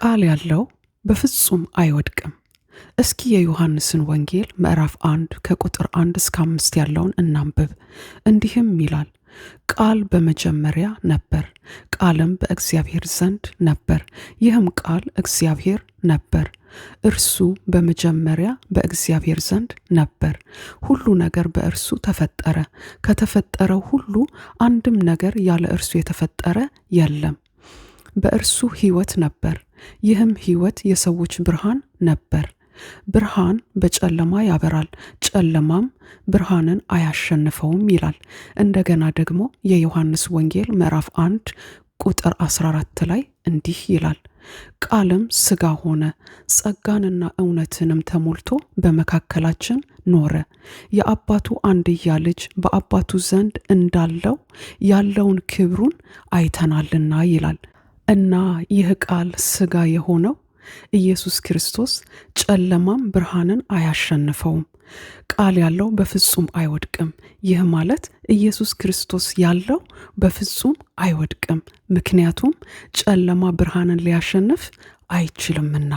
ቃል ያለው በፍጹም አይወድቅም። እስኪ የዮሐንስን ወንጌል ምዕራፍ አንድ ከቁጥር አንድ እስከ አምስት ያለውን እናንብብ። እንዲህም ይላል ቃል በመጀመሪያ ነበር፣ ቃልም በእግዚአብሔር ዘንድ ነበር፣ ይህም ቃል እግዚአብሔር ነበር። እርሱ በመጀመሪያ በእግዚአብሔር ዘንድ ነበር። ሁሉ ነገር በእርሱ ተፈጠረ፣ ከተፈጠረው ሁሉ አንድም ነገር ያለ እርሱ የተፈጠረ የለም። በእርሱ ሕይወት ነበር፣ ይህም ሕይወት የሰዎች ብርሃን ነበር። ብርሃን በጨለማ ያበራል፣ ጨለማም ብርሃንን አያሸንፈውም ይላል። እንደገና ደግሞ የዮሐንስ ወንጌል ምዕራፍ 1 ቁጥር 14 ላይ እንዲህ ይላል ቃልም ሥጋ ሆነ ጸጋንና እውነትንም ተሞልቶ በመካከላችን ኖረ። የአባቱ አንድያ ልጅ በአባቱ ዘንድ እንዳለው ያለውን ክብሩን አይተናልና ይላል። እና ይህ ቃል ሥጋ የሆነው ኢየሱስ ክርስቶስ ጨለማም ብርሃንን አያሸንፈውም፣ ቃል ያለው በፍጹም አይወድቅም። ይህ ማለት ኢየሱስ ክርስቶስ ያለው በፍጹም አይወድቅም፣ ምክንያቱም ጨለማ ብርሃንን ሊያሸንፍ አይችልምና።